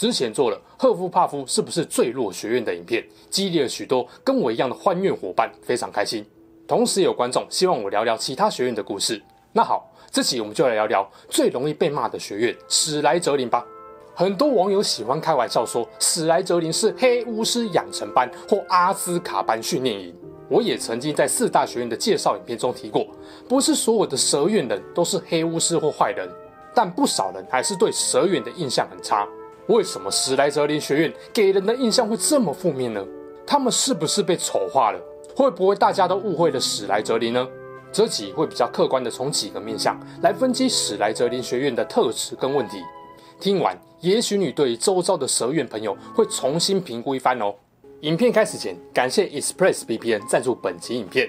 之前做了赫夫帕夫是不是最弱學院的影片，激勵了許多跟我一樣的獾院夥伴，非常開心。同時也有觀眾希望我聊聊其他學院的故事。那好，這期我們就來聊聊最容易被罵的學院史萊哲林吧。很多網友喜歡開玩笑說，史萊哲林是黑巫師養成班或阿茲卡班訓練營。我也曾經在四大學院的介紹影片中提過，不是所有的蛇院人都是黑巫師或壞人，但不少人還是對蛇院的印象很差。為什麼史萊哲林學院給人的印象會這麼負面呢？他們是不是被醜化了？會不會大家都誤會了史萊哲林呢？這集會比較客觀的從幾個面向來分析史萊哲林學院的特質跟問題。聽完，也許你對於周遭的蛇院朋友會重新評估一番哦。影片開始前，感謝 Express VPN 贊助本集影片。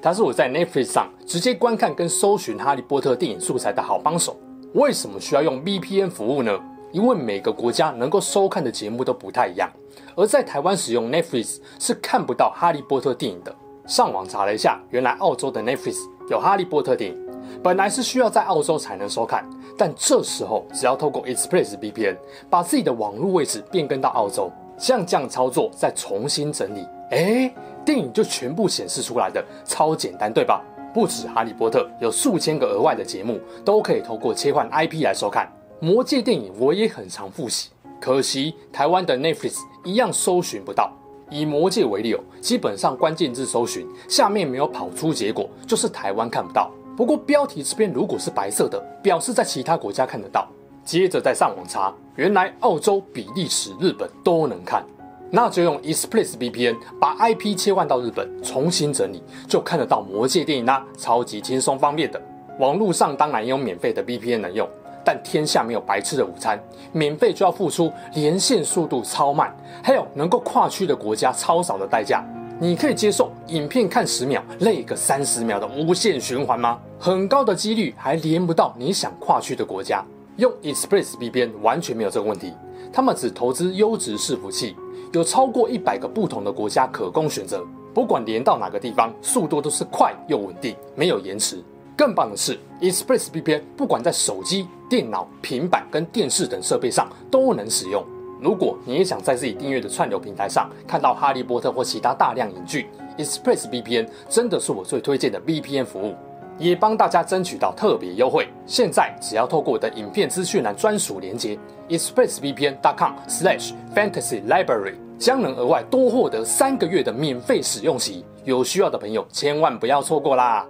它是我在 Netflix 上直接觀看跟搜尋哈利波特電影素材的好幫手。為什麼需要用 VPN 服務呢？因為每個國家能夠收看的節目都不太一樣，而在台灣使用 Netflix 是看不到《哈利波特》電影的。上網查了一下，原來澳洲的 Netflix 有《哈利波特》電影，本來是需要在澳洲才能收看，但這時候只要透過 ExpressVPN 把自己的網絡位置變更到澳洲，像這樣操作再重新整理，誒，電影就全部顯示出來的，超簡單，對吧？不止《哈利波特》，有數千個額外的節目都可以透過切換 IP 來收看。魔界電影我也很常複習，可惜台灣的 Netflix 一樣搜尋不到。以魔界為例哦，基本上關鍵字搜尋下面沒有跑出結果，就是台灣看不到。不過標題這邊如果是白色的，表示在其他國家看得到。接着再上網查，原來澳洲、比利時、日本都能看，那就用 ExpressVPN 把 IP 切換到日本，重新整理就看得到魔界電影啦、啊，超級輕鬆方便的。網絡上當然也有免費的 VPN 能用。但天下沒有白吃的午餐，免費就要付出連線速度超慢，還有能夠跨區的國家超少的代價。你可以接受影片看十秒，累個三十秒的無限循環嗎？很高的幾率還連不到你想跨區的國家。用 Express VPN 完全沒有這個問題，他們只投資優質伺服器，有超過一百個不同的國家可供選擇，不管連到哪個地方，速度都是快又穩定，沒有延遲。更棒的是，Express VPN 不管在手機。電腦、平板跟電視等設備上都能使用。如果你也想在自己訂閱的串流平台上看到《哈利波特》或其他大量影劇，ExpressVPN 真的是我最推薦的 VPN 服務，也幫大家爭取到特別優惠。現在只要透過我的影片資訊欄專屬鏈接 expressvpn.com slash fantasy library，將能額外多獲得三個月的免費使用期。有需要的朋友千萬不要錯過啦！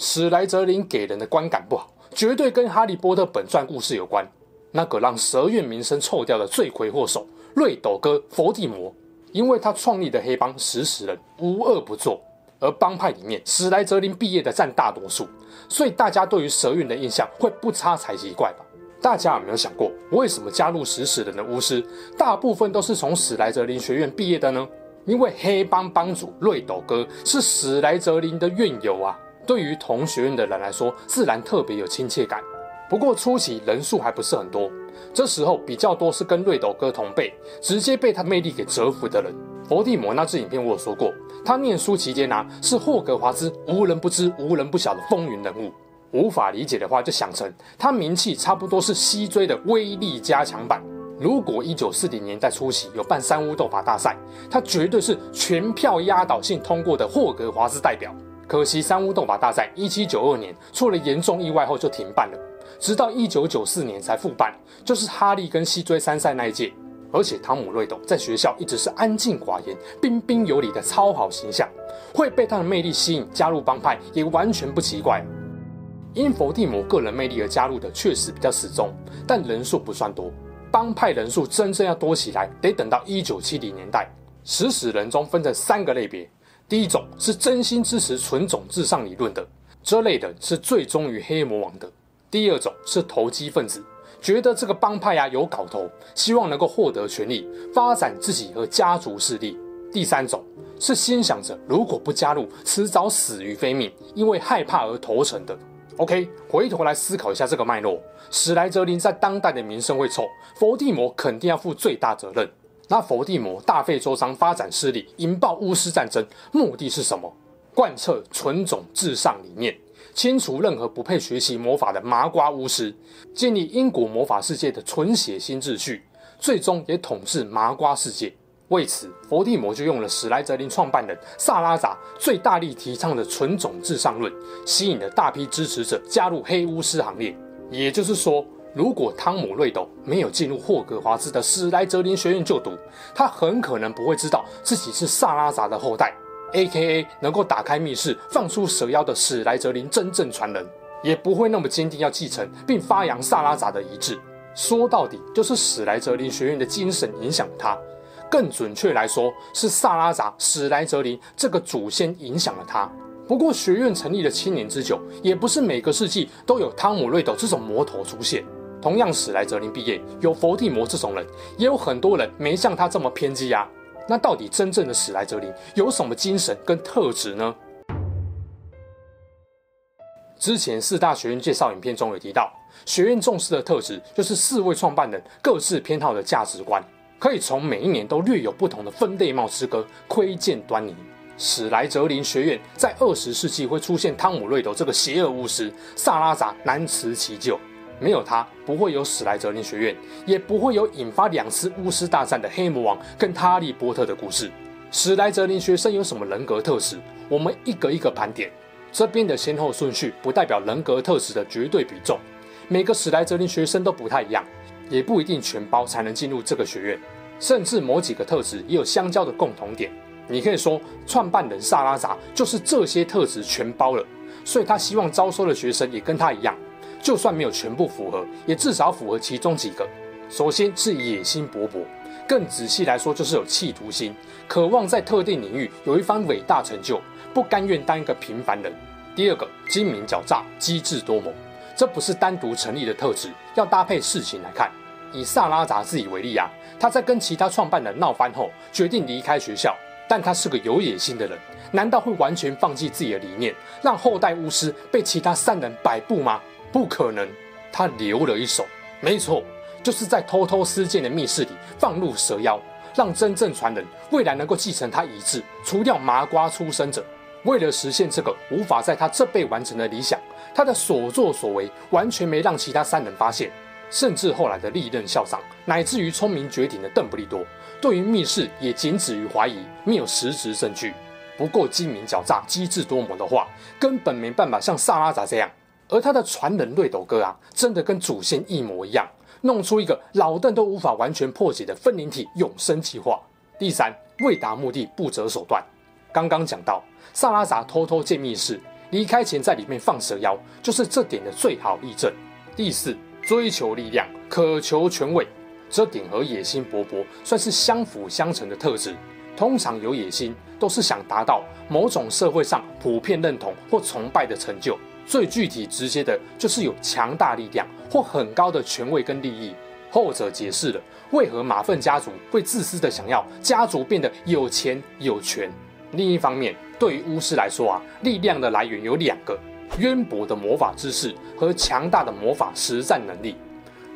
史萊哲林給人的觀感不好，絕對跟《哈利波特》本傳故事有關。那個讓蛇院名聲臭掉的罪魁禍首——瑞斗哥佛地魔，因為他創立的黑幫食死人無惡不作，而幫派裡面史萊哲林畢業的占大多數，所以大家對於蛇院的印象會不差才奇怪吧？大家有沒有想過，為什麼加入食死人的巫師大部分都是從史萊哲林學院畢業的呢？因為黑幫幫主瑞斗哥是史萊哲林的院友啊！對於同學院的人來說，自然特別有親切感。不過出席人數還不是很多，這時候比較多是跟瑞斗哥同輩，直接被他魅力給折服的人。伏地魔那支影片我有說過，他念書期間呢、啊，是霍格華茲無人不知、無人不曉的風雲人物。無法理解的話，就想成他名氣差不多是西追的威力加強版。如果一九四零年代初期有辦三巫鬥法大賽，他絕對是全票壓倒性通過的霍格華茲代表。可惜三巫鬥法大賽一七九二年出了嚴重意外後就停辦了，直到一九九四年才復辦，就是哈利跟西追三賽那一屆。而且湯姆·瑞斗在學校一直是安靜寡言、彬彬有禮的超好形象，會被他的魅力吸引加入幫派也完全不奇怪。因佛地魔個人魅力而加入的確實比較死忠，但人數不算多。幫派人數真正要多起來，得等到一九七零年代。食死人中分成三個類別。第一種是真心支持純種至上理論的，這類的是最忠於黑魔王的。第二種是投機分子，覺得這個幫派呀、啊、有搞頭，希望能夠獲得權力，發展自己和家族勢力。第三種是心想着如果不加入，遲早死於非命，因為害怕而投誠的。OK，回頭來思考一下這個脈絡，史萊哲林在當代的名聲會臭，佛地魔肯定要負最大責任。那佛地魔大費周章發展勢力，引爆巫師戰爭，目的是什麼？貫徹純種至上理念，清除任何不配學習魔法的麻瓜巫師，建立英國魔法世界的純血新秩序，最終也統治麻瓜世界。為此，佛地魔就用了史萊哲林創辦人薩拉札最大力提倡的純種至上論，吸引了大批支持者加入黑巫師行列。也就是說。如果湯姆·瑞斗沒有進入霍格華茲的史萊哲林學院就讀，他很可能不會知道自己是薩拉札的後代，A.K.A. 能夠打開密室、放出蛇妖的史萊哲林真正傳人，也不會那麼堅定要繼承並發揚薩拉札的遺志。說到底，就是史萊哲林學院的精神影響了他，更準確來說，是薩拉札·史萊哲林這個祖先影響了他。不過，學院成立了千年之久，也不是每個世紀都有湯姆·瑞斗這種魔頭出現。同樣史萊哲林畢業，有佛地魔這種人，也有很多人沒像他這麼偏激呀、啊。那到底真正的史萊哲林有什麼精神跟特質呢？之前四大學院介紹影片中有提到，學院重視的特質就是四位創辦人各自偏好的價值觀，可以從每一年都略有不同的分類帽之歌窺見端倪。史萊哲林學院在二十世紀會出現湯姆·瑞斗這個邪惡巫師，薩拉札難辭其咎。沒有他，不會有史萊哲林學院，也不會有引發兩次巫師大戰的黑魔王跟哈利波特的故事。史萊哲林學生有什麼人格特質？我們一個一個盤點。這邊的先後順序不代表人格特質的絕對比重。每個史萊哲林學生都不太一樣，也不一定全包才能進入這個學院。甚至某幾個特質也有相交的共同點。你可以說，創辦人薩拉札就是這些特質全包了，所以他希望招收的學生也跟他一樣。就算沒有全部符合，也至少符合其中幾個。首先是野心勃勃，更仔細來說就是有企圖心，渴望在特定領域有一番偉大成就，不甘願當一個平凡人。第二個，精明狡詐，機智多謀，這不是單獨成立的特質，要搭配事情來看。以薩拉札自己為例啊，他在跟其他創辦人鬧翻後，決定離開學校，但他是個有野心的人，難道會完全放棄自己的理念，讓後代巫師被其他三人擺布嗎？不可能，他留了一手。沒錯，就是在偷偷私建的密室裡放入蛇妖，讓真正傳人未來能夠繼承他遺志，除掉麻瓜出生者。為了實現這個無法在他這輩完成的理想，他的所作所為完全沒讓其他三人發現，甚至後來的歷任校長，乃至於聰明絕頂的鄧不利多，對於密室也僅止於懷疑，沒有實質證據。不夠精明狡詐、機智多謀的話，根本沒辦法像薩拉札這樣。而他的傳人瑞斗哥啊，真的跟祖先一模一樣，弄出一個老鄧都無法完全破解的分靈體永生計劃。第三，為達目的不擇手段。剛剛講到薩拉扎偷偷建密室，離開前在裡面放蛇妖，就是這點的最好例證。第四，追求力量，渴求權位，這點和野心勃勃算是相輔相成的特質。通常有野心，都是想達到某種社會上普遍認同或崇拜的成就。最具體直接的就是有強大力量或很高的權威跟利益，後者解釋了為何馬份家族會自私地想要家族變得有錢有權。另一方面，對於巫師來說啊，力量的來源有兩個：淵博的魔法知識和強大的魔法實戰能力。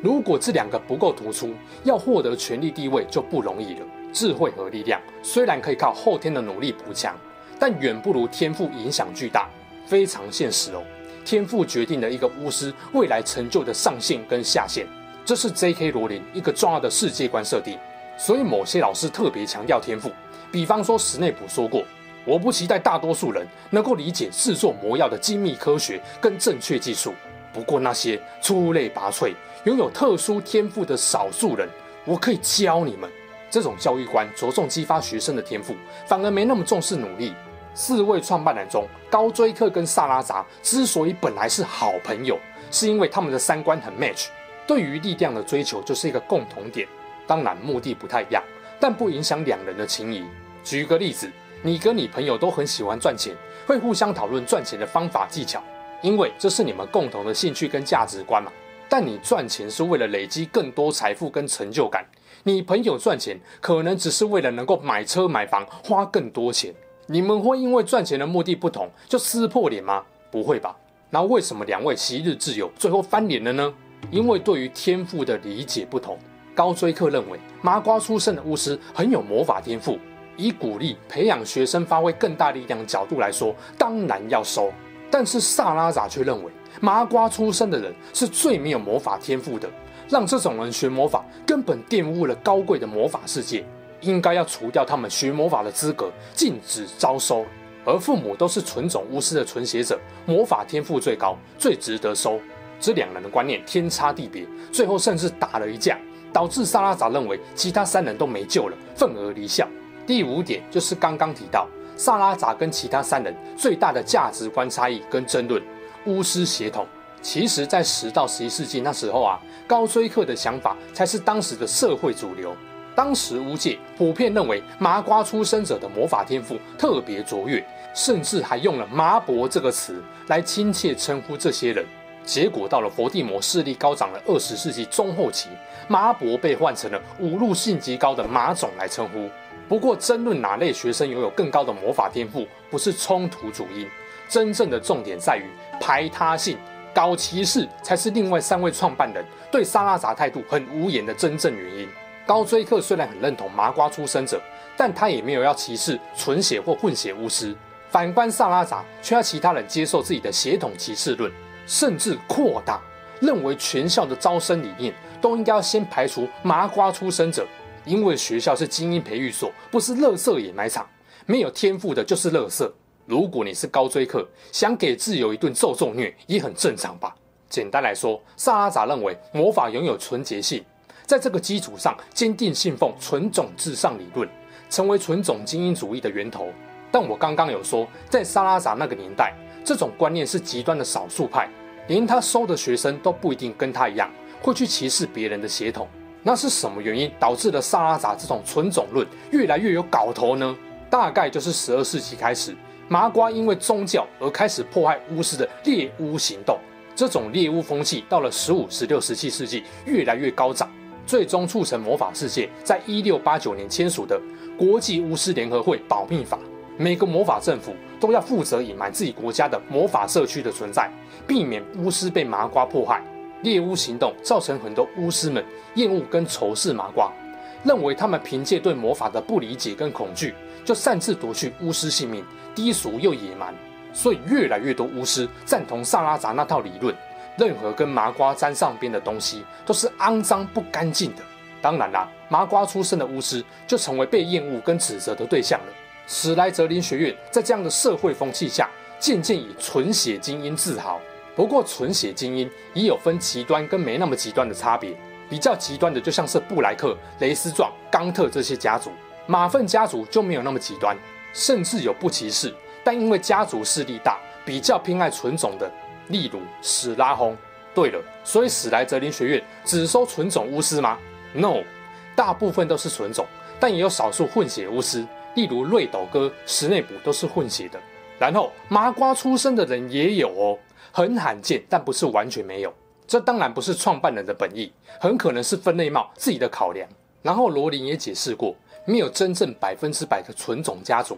如果這兩個不夠突出，要獲得權力地位就不容易了。智慧和力量雖然可以靠後天的努力補強，但遠不如天賦影響巨大，非常現實哦。天賦決定了一個巫師未來成就的上限跟下限，這是 J.K. 羅琳一個重要的世界觀設定。所以，某些老師特別強調天賦，比方說史內普說過：“我不期待大多數人能夠理解製作魔藥的精密科學跟正確技術，不過那些出類拔萃、擁有特殊天賦的少數人，我可以教你們。”這種教育觀着重激發學生的天賦，反而沒那麼重視努力。四位創辦人中，高錐客跟薩拉札之所以本來是好朋友，是因為他們的三觀很 match，對於力量的追求就是一個共同點。當然目的不太一樣，但不影響兩人的情誼。舉一個例子，你跟你朋友都很喜歡賺錢，會互相討論賺錢的方法技巧，因為這是你們共同的興趣跟價值觀嘛。但你賺錢是為了累積更多財富跟成就感，你朋友賺錢可能只是為了能夠買車買房，花更多錢。你們會因為賺錢的目的不同就撕破臉嗎？不會吧。那為什麼兩位昔日摯友最後翻臉了呢？因為對於天賦的理解不同。高追克認為麻瓜出身的巫師很有魔法天賦，以鼓勵培養學生發揮更大力量的角度來說，當然要收。但是薩拉札卻認為麻瓜出身的人是最沒有魔法天賦的，讓這種人學魔法根本玷污了高貴的魔法世界。應該要除掉他們學魔法的資格，禁止招收。而父母都是純種巫師的純血者，魔法天賦最高，最值得收。這兩人的觀念天差地別，最後甚至打了一架，導致薩拉札認為其他三人都沒救了，憤而離校。第五點就是剛剛提到，薩拉札跟其他三人最大的價值觀差異跟爭論：巫師血統。其實，在十到十一世紀那時候啊，高追克的想法才是當時的社會主流。當時巫界普遍認為麻瓜出身者的魔法天賦特別卓越，甚至還用了“麻博”這個詞來親切稱呼這些人。結果到了佛地魔勢力高漲的二十世紀中後期，“麻博”被換成了侮辱性極高的“麻種”來稱呼。不過，爭論哪類學生擁有更高的魔法天賦不是衝突主因，真正的重點在於排他性、搞歧視才是另外三位創辦人對薩拉札態度很無言的真正原因。高錐客雖然很認同麻瓜出身者，但他也沒有要歧視純血或混血巫師。反觀薩拉札，卻要其他人接受自己的血統歧視論，甚至擴大，認為全校的招生理念都應該先排除麻瓜出身者，因為學校是精英培育所，不是垃圾掩埋場，沒有天賦的就是垃圾。如果你是高錐客，想給摯友一頓咒咒虐，也很正常吧？簡單來說，薩拉札認為魔法擁有純潔性。在這個基礎上，堅定信奉純種至上理論，成為純種精英主義的源頭。但我剛剛有說，在薩拉札那個年代，這種觀念是極端的少數派，連他收的學生都不一定跟他一樣會去歧視別人的血統。那是什麼原因導致了薩拉札這種純種論越來越有搞頭呢？大概就是十二世紀開始，麻瓜因為宗教而開始迫害巫師的獵巫行動，這種獵巫風氣到了十五、十六、十七世紀越來越高漲。最終促成魔法世界在一六八九年簽署的《國際巫師聯合會保密法》，每個魔法政府都要負責隱瞞自己國家的魔法社區的存在，避免巫師被麻瓜迫害。獵巫行動造成很多巫師們厭惡跟仇視麻瓜，認為他們憑借對魔法的不理解跟恐懼，就擅自奪去巫師性命，低俗又野蠻。所以越來越多巫師贊同薩拉札那套理論。任何跟麻瓜沾上邊的東西都是骯髒不乾淨的。當然啦，麻瓜出身的巫師就成為被厭惡跟指責的對象了。史萊哲林學院在這樣的社會風氣下，漸漸以純血精英自豪。不過，純血精英也有分極端跟沒那麼極端的差別。比較極端的就像是布萊克、雷斯壯、剛特這些家族，馬份家族就沒有那麼極端，甚至有不歧視，但因為家族勢力大，比較偏愛純種的。例如史拉轟。對了，所以史萊哲林學院只收純種巫師嗎？No，大部分都是純種，但也有少數混血巫師，例如瑞斗哥、史內普都是混血的。然後麻瓜出生的人也有哦，很罕見，但不是完全沒有。這當然不是創辦人的本意，很可能是分類帽自己的考量。然後羅琳也解釋過，沒有真正百分之百的純種家族，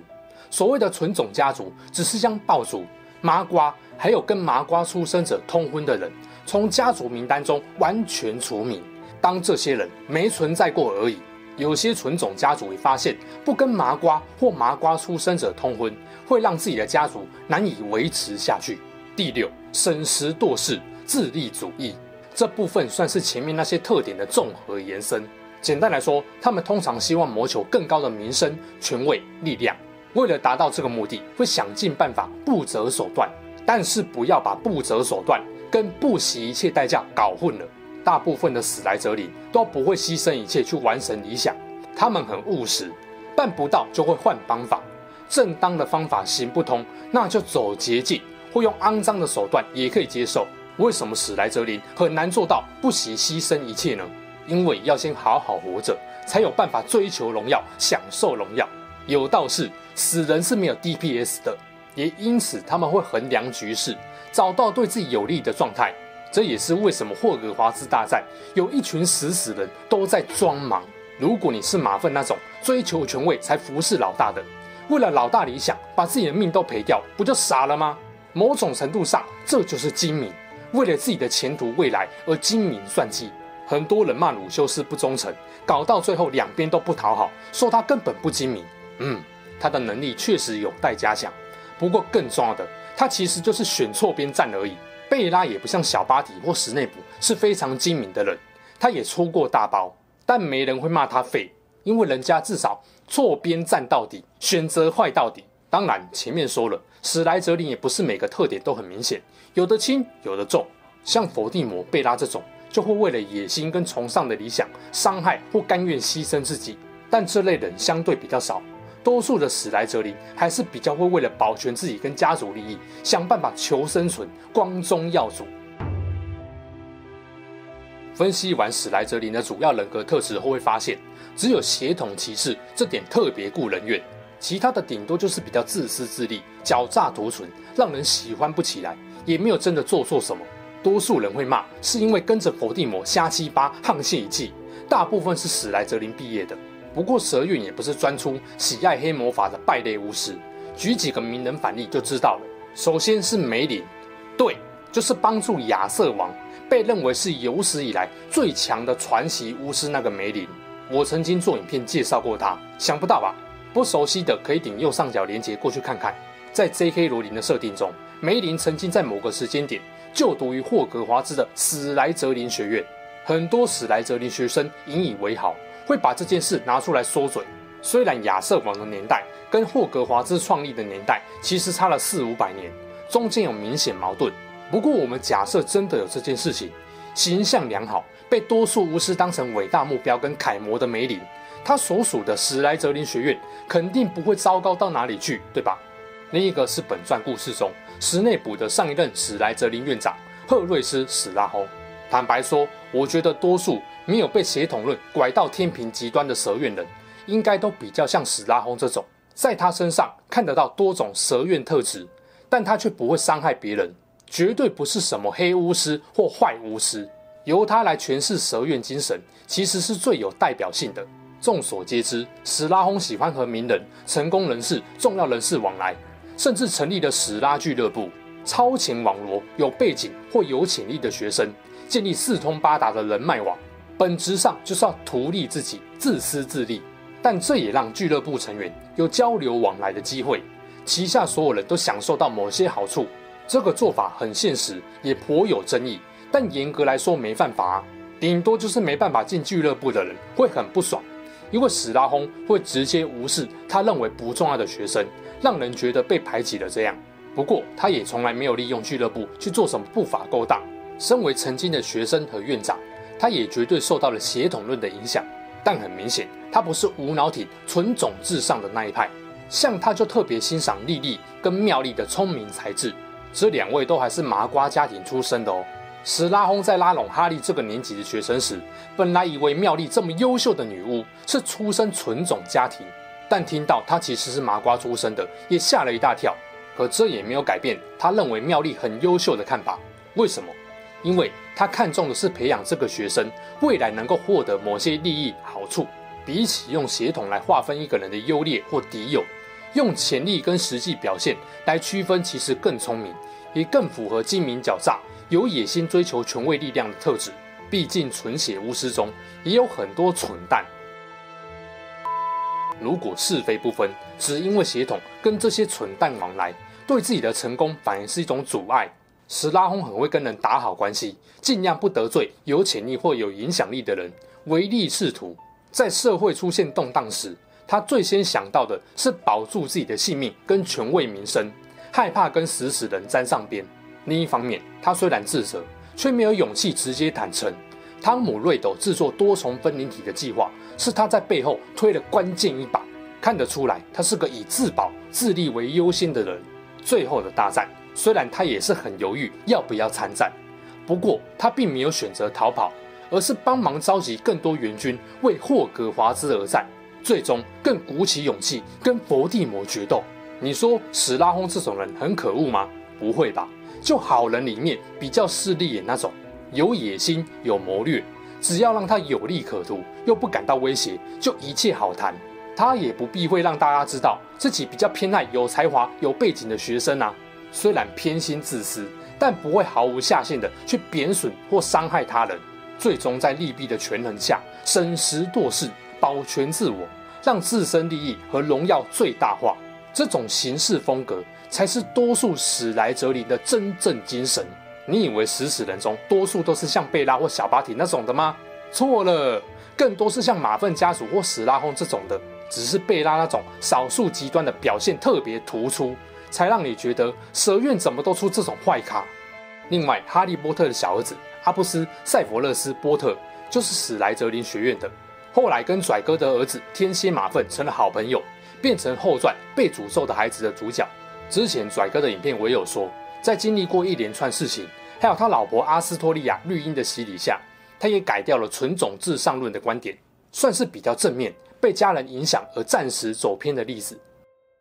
所謂的純種家族只是將爆竹、麻瓜。還有跟麻瓜出生者通婚的人，從家族名單中完全除名，當這些人沒存在過而已。有些純種家族會發現，不跟麻瓜或麻瓜出生者通婚，會讓自己的家族難以維持下去。第六，審時度勢，自利主義。這部分算是前面那些特點的綜合延伸。簡單來說，他們通常希望謀求更高的名聲、權位、力量。為了達到這個目的，會想盡辦法，不擇手段。但是不要把不擇手段跟不惜一切代價搞混了。大部分的史萊哲林都不會犧牲一切去完成理想，他們很務實，辦不到就會換方法。正當的方法行不通，那就走捷徑，會用骯髒的手段也可以接受。為什麼史萊哲林很難做到不惜犧牲一切呢？因為要先好好活着，才有辦法追求榮耀、享受榮耀。有道是，死人是沒有 DPS 的。也因此，他們會衡量局勢，找到對自己有利的狀態。這也是為什麼霍格華茲大戰有一群食死人都在裝忙。如果你是馬份那種追求權位才服侍老大的，為了老大理想把自己的命都賠掉，不就傻了嗎？某種程度上，這就是精明，為了自己的前途未來而精明算計。很多人罵魯修斯不忠誠，搞到最後兩邊都不討好，說他根本不精明。嗯，他的能力確實有待加強。不過更重要的，他其實就是選錯邊站而已。貝拉也不像小巴迪或石內卜是非常精明的人，他也出過大包，但沒人會罵他廢，因為人家至少錯邊站到底，選擇壞到底。當然前面說了，史萊哲林也不是每個特點都很明顯，有的輕，有的重。像佛地魔、貝拉這種，就會為了野心跟崇尚的理想，傷害或甘願犧牲自己，但這類人相對比較少。多數的史萊哲林還是比較會為了保全自己跟家族利益，想辦法求生存、光宗耀祖。分析完史萊哲林的主要人格特質後，會發現只有血統歧視這點特別顧人怨，其他的頂多就是比較自私自利、狡詐獨存，讓人喜歡不起來，也沒有真的做錯什麼。多數人會罵是因為跟着佛地魔瞎七八，沆瀣一氣，大部分是史萊哲林畢業的。不過蛇院也不是專出喜愛黑魔法的敗類巫師，舉幾個名人反例就知道了。首先是梅林，對，就是幫助亞瑟王，被認為是有史以來最強的傳奇巫師那個梅林。我曾經做影片介紹過他，想不到吧？不熟悉的可以點右上角鏈接過去看看。在 J.K. 羅琳的設定中，梅林曾經在某個時間點就讀於霍格華茲的史萊哲林學院，很多史萊哲林學生引以為豪。會把這件事拿出來說嘴。雖然亞瑟王的年代跟霍格華茲創立的年代其實差了四五百年，中間有明顯矛盾。不過我們假設真的有這件事情，形象良好、被多數巫師當成偉大目標跟楷模的梅林，他所屬的史萊哲林學院肯定不會糟糕到哪裡去，對吧？另一個是本傳故事中史內卜的上一任史萊哲林院長赫瑞斯·史拉轟。坦白說，我覺得多數，沒有被血統論拐到天平極端的蛇院人，應該都比較像史拉轟這種，在他身上看得到多種蛇院特質，但他卻不會傷害別人，絕對不是什麼黑巫師或壞巫師。由他來詮釋蛇院精神，其實是最有代表性的。眾所皆知，史拉轟喜歡和名人、成功人士、重要人士往來，甚至成立了史拉俱樂部，超前網羅有背景或有潛力的學生，建立四通八達的人脈網。本質上就是要圖利自己，自私自利。但這也讓俱樂部成員有交流往來的機會，旗下所有人都享受到某些好處。這個做法很現實，也頗有爭議。但嚴格來說沒犯法啊，頂多就是沒辦法進俱樂部的人會很不爽，因為史拉轟會直接無視他認為不重要的學生，讓人覺得被排擠了這樣。不過他也從來沒有利用俱樂部去做什麼不法勾當。身為曾經的學生和院長。他也絕對受到了血統論的影響，但很明顯，他不是無腦挺純種至上的那一派。像他就特別欣賞莉莉跟妙麗的聰明才智，這兩位都還是麻瓜家庭出身的哦。史拉轟在拉攏哈利這個年級的學生時，本來以為妙麗這麼優秀的女巫是出身純種家庭，但聽到她其實是麻瓜出身的，也嚇了一大跳。可這也沒有改變他認為妙麗很優秀的看法。為什麼？因為。他看重的是培養這個學生未來能夠獲得某些利益好處，比起用血統來劃分一個人的優劣或敵友，用潛力跟實際表現來區分其實更聰明，也更符合精明狡詐、有野心追求權位力量的特質。畢竟純血巫師中也有很多蠢蛋，如果是非不分，只因為血統跟這些蠢蛋往來，對自己的成功反而是一種阻礙。史拉轟很會跟人打好關係，盡量不得罪有潛力或有影響力的人。唯利是圖，在社會出現動盪時，他最先想到的是保住自己的性命跟權位名聲，害怕跟食死人沾上邊。另一方面，他雖然自責，却沒有勇氣直接坦誠。湯姆瑞斗制作多重分靈體的計劃，是他在背後推了關鍵一把。看得出來，他是個以自保自立為優先的人。最後的大戰。雖然他也是很猶豫要不要參戰，不過他並沒有選擇逃跑，而是幫忙召集更多援軍，為霍格華茲而戰。最終更鼓起勇氣跟佛地魔決鬥。你說史拉轟這種人很可惡嗎？不會吧，就好人裡面比較勢利眼那種，有野心、有謀略，只要讓他有利可圖又不感到威脅，就一切好談。他也不避諱讓大家知道自己比較偏愛有才華、有背景的學生啊。雖然偏心自私，但不會毫無下限的去貶損或傷害他人，最終在利弊的權衡下，審時度勢，保全自我，讓自身利益和榮耀最大化。這種行事風格才是多數史萊哲林的真正精神。你以為食死人中多數都是像貝拉或小巴提那種的嗎？錯了，更多是像馬份家族或史拉轟這種的。只是貝拉那種少數極端的表現特別突出。才讓你覺得蛇院怎麼都出這種壞咖。另外，哈利波特的小兒子阿不思·塞佛勒斯·波特就是史萊哲林學院的，後來跟跩哥的兒子天蠍馬份成了好朋友，變成後傳《被詛咒的孩子》的主角。之前跩哥的影片我也有說，在經歷過一連串事情，還有他老婆阿斯托利亞綠茵的洗禮下，他也改掉了純種至上論的觀點，算是比較正面被家人影響而暫時走偏的例子。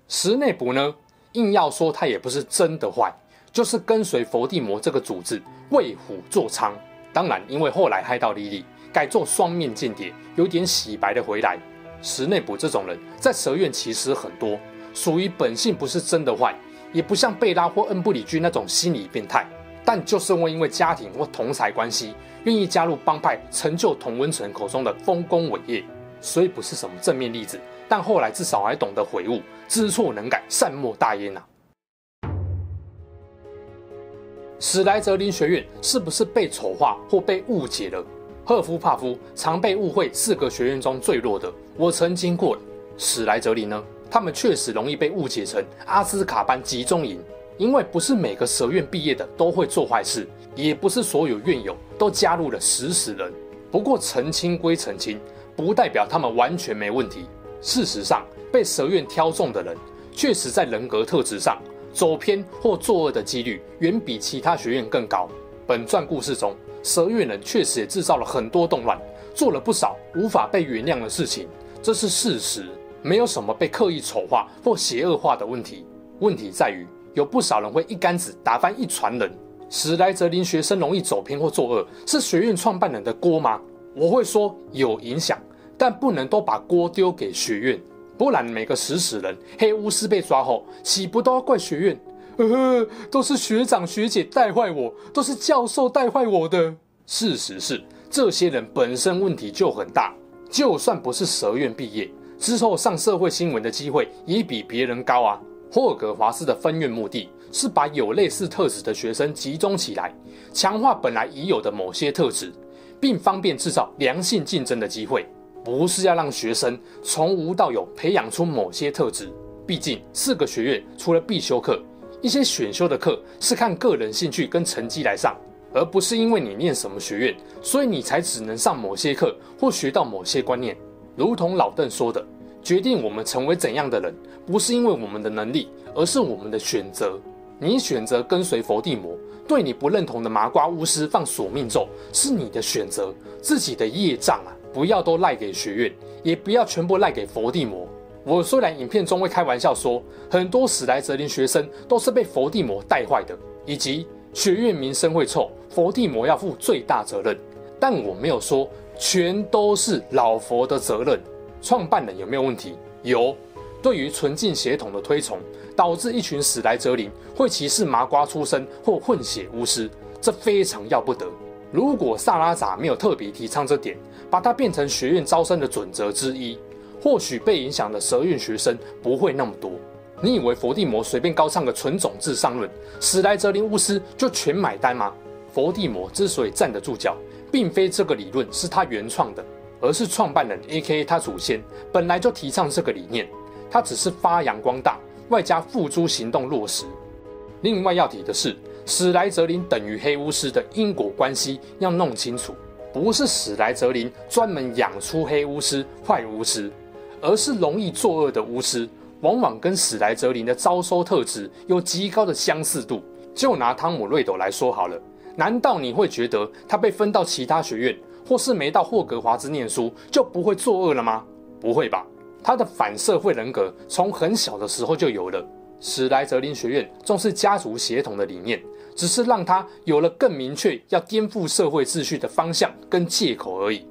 石內卜呢？硬要說他也不是真的壞，就是跟隨佛地魔這個組織為虎作倀。當然，因為後來害到莉莉，改做雙面間諜，有點洗白的回來。石內卜這種人在蛇院其實很多，屬於本性不是真的壞，也不像貝拉或恩不理居那種心理變態。但就是因為因為家庭或同儕關係，願意加入幫派，成就同溫層口中的豐功偉業，所以不是什麼正面例子。但後來至少還懂得悔悟，知錯能改，善莫大焉啊！史萊哲林學院是不是被醜化或被誤解了？赫夫帕夫常被誤會四個學院中最弱的。我曾經過史萊哲林呢，他們確實容易被誤解成阿茲卡班集中營，因為不是每個蛇院畢業的都會做壞事，也不是所有院友都加入了食死人。不過澄清歸澄清，不代表他們完全沒問題。事實上，被蛇院挑中的人，確實在人格特質上走偏或作惡的幾率遠比其他學院更高。本傳故事中，蛇院人確實也製造了很多動亂，做了不少無法被原諒的事情，這是事實，沒有什麼被刻意醜化或邪惡化的問題。問題在於，有不少人會一竿子打翻一船人，史萊哲林學生容易走偏或作惡，是學院創辦人的鍋嗎？我會說有影響。但不能都把鍋丟給學院，不然每個食死人黑巫師被抓後，豈不都要怪學院？呵、呃、呵，都是學長學姐帶壞我，都是教授帶壞我的。事實是，這些人本身問題就很大，就算不是蛇院畢業，之後上社會新聞的機會也比別人高啊。霍格華茲的分院目的是把有類似特質的學生集中起來，強化本來已有的某些特質，並方便製造良性競爭的機會。不是要讓學生從無到有培養出某些特質，畢竟四個學院除了必修課，一些選修的課是看個人興趣跟成績來上，而不是因為你念什麼學院，所以你才只能上某些課或學到某些觀念。如同老鄧說的，決定我們成為怎樣的人，不是因為我們的能力，而是我們的選擇。你選擇跟隨佛地魔，對你不認同的麻瓜巫師放索命咒，是你的選擇，自己的業障啊。不要都賴給學院，也不要全部賴給佛地魔。我雖然影片中會開玩笑說，很多史萊哲林學生都是被佛地魔帶壞的，以及學院名聲會臭，佛地魔要負最大責任，但我沒有說全都是老佛的責任。創辦人有沒有問題？有。對於純淨血統的推崇，導致一群史萊哲林會歧視麻瓜出身或混血巫師，這非常要不得。如果薩拉札沒有特別提倡這點，把它變成學院招生的準則之一，或許被影響的蛇院學生不會那麼多。你以為佛地魔隨便高唱個純種至上論，史萊哲林巫師就全買單嗎？佛地魔之所以站得住腳，並非這個理論是他原創的，而是創辦人 AKA 他祖先本來就提倡這個理念，他只是發揚光大，外加付諸行動落實。另外要提的是，史萊哲林等於黑巫師的因果關係要弄清楚。不是史萊哲林專門養出黑巫師、壞巫師，而是容易作惡的巫師，往往跟史萊哲林的招收特質有極高的相似度。就拿湯姆·瑞斗來說好了，難道你會覺得他被分到其他學院，或是沒到霍格華茲念書，就不會作惡了嗎？不會吧，他的反社會人格從很小的時候就有了。史萊哲林學院重視家族協同的理念，只是讓他有了更明確要顛覆社會秩序的方向跟借口而已。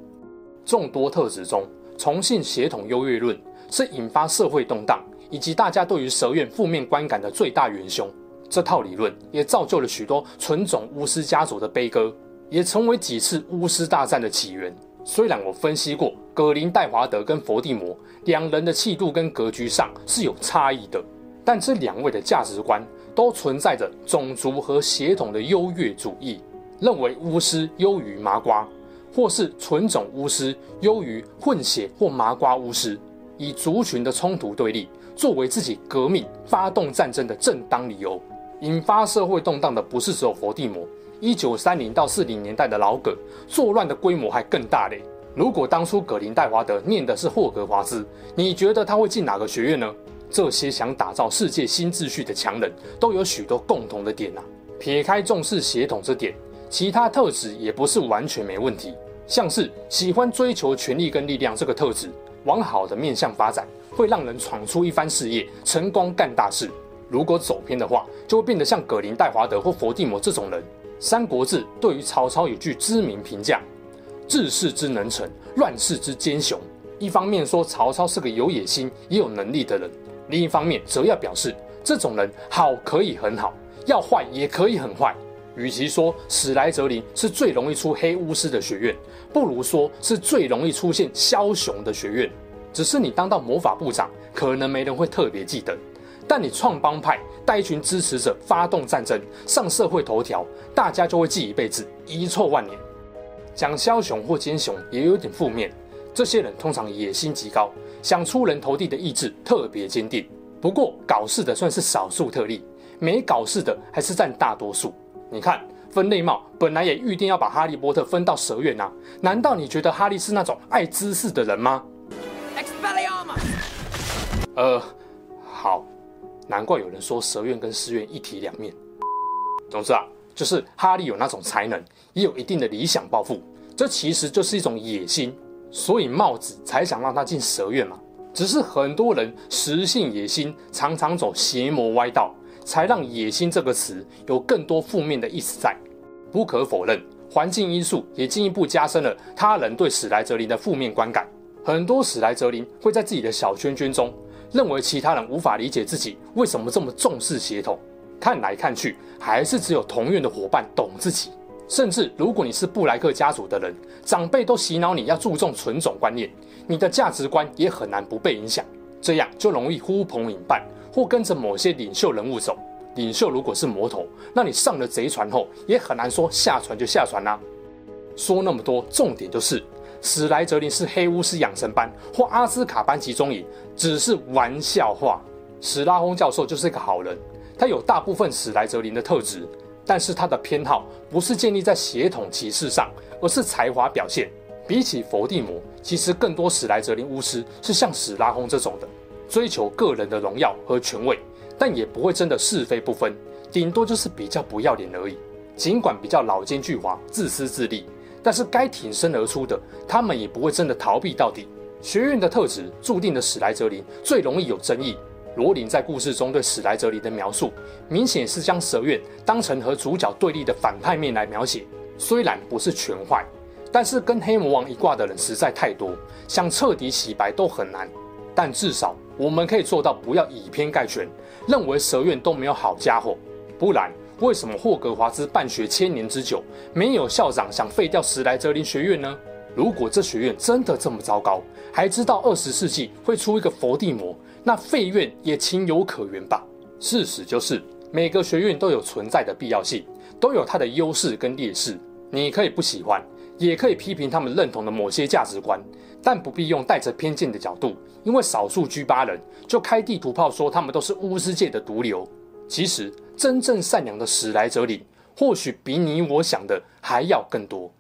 眾多特質中，崇尚血統優越論是引發社會動盪以及大家對於蛇院負面觀感的最大元凶。這套理論也造就了許多純種巫師家族的悲歌，也成為幾次巫師大戰的起源。雖然我分析過葛林戴華德跟佛地魔兩人的氣度跟格局上是有差異的，但這兩位的價值觀。都存在着種族和血統的優越主義，認為巫師優於麻瓜，或是純種巫師優於混血或麻瓜巫師，以族群的衝突對立作為自己革命、發動戰爭的正當理由，引發社會動盪的不是只有佛地魔。一九三零到四零年代的老葛作亂的規模還更大嘞。如果當初葛林戴華德念的是霍格華茲，你覺得他會進哪個學院呢？這些想打造世界新秩序的強人都有許多共同的點啊撇開重視血統這點，其他特質也不是完全沒問題。像是喜歡追求權力跟力量這個特質，往好的面向發展，會讓人闖出一番事業，成功幹大事。如果走偏的話，就會變得像葛林戴華德或佛地魔這種人。《三國志》對於曹操有句知名評價：“治世之能臣，亂世之奸雄。”一方面說曹操是個有野心也有能力的人。另一方面，則要表示，這種人好可以很好，要壞也可以很壞。與其說史萊哲林是最容易出黑巫師的學院，不如說是最容易出現梟雄的學院。只是你當到魔法部長，可能沒人會特別記得；但你創幫派，帶一群支持者發動戰爭，上社會頭條，大家就會記一輩子，遺臭萬年。講梟雄或奸雄也有點負面，這些人通常野心極高。想出人頭地的意志特別堅定，不過搞事的算是少數特例，沒搞事的還是佔大多數。你看分類帽本來也預定要把哈利波特分到蛇院啊。難道你覺得哈利是那種愛知識的人嗎？Expellioma! 呃，好，難怪有人說蛇院跟獅院一體兩面。總之啊，就是哈利有那種才能，也有一定的理想抱負，這其實就是一種野心。所以帽子才想讓他進蛇院嘛。只是很多人實行野心，常常走邪魔歪道，才讓“野心”這個詞有更多負面的意思在。不可否認，環境因素也進一步加深了他人對史萊哲林的負面觀感。很多史萊哲林會在自己的小圈圈中，認為其他人無法理解自己為什麼這麼重視協同，看來看去，還是只有同院的伙伴懂自己。甚至，如果你是布萊克家族的人，長輩都洗腦你要注重純種觀念，你的價值觀也很難不被影響，這樣就容易呼朋引伴，或跟着某些領袖人物走。領袖如果是魔頭，那你上了賊船後，也很難說下船就下船啦、啊。說那麼多，重點就是史萊哲林是黑巫師養成班或阿茲卡班集中營，只是玩笑話。史拉轟教授就是一個好人，他有大部分史萊哲林的特質。但是他的偏好不是建立在血統歧視上，而是才華表現。比起佛地魔，其實更多史萊哲林巫師是像史拉轟這種的，追求個人的榮耀和權位，但也不會真的是非不分，頂多就是比較不要臉而已。儘管比較老奸巨猾、自私自利，但是該挺身而出的，他們也不會真的逃避到底。學院的特質，注定的史萊哲林最容易有爭議。羅琳在故事中對史萊哲林的描述，明顯是將蛇院當成和主角對立的反派面來描寫。雖然不是全壞，但是跟黑魔王一掛的人實在太多，想徹底洗白都很難。但至少我們可以做到不要以偏概全，認為蛇院都沒有好家伙。不然，為什麼霍格華茲辦學千年之久，沒有校長想廢掉史萊哲林學院呢？如果這學院真的這麼糟糕，還知道二十世紀會出一個佛地魔？那廢院也情有可原吧？事實就是，每個學院都有存在的必要性，都有它的優勢跟劣勢。你可以不喜歡，也可以批評他們認同的某些價值觀，但不必用帶着偏見的角度。因為少數機掰人就開地圖炮說他們都是巫師界的毒瘤，其實真正善良的史萊哲林或許比你我想的還要更多。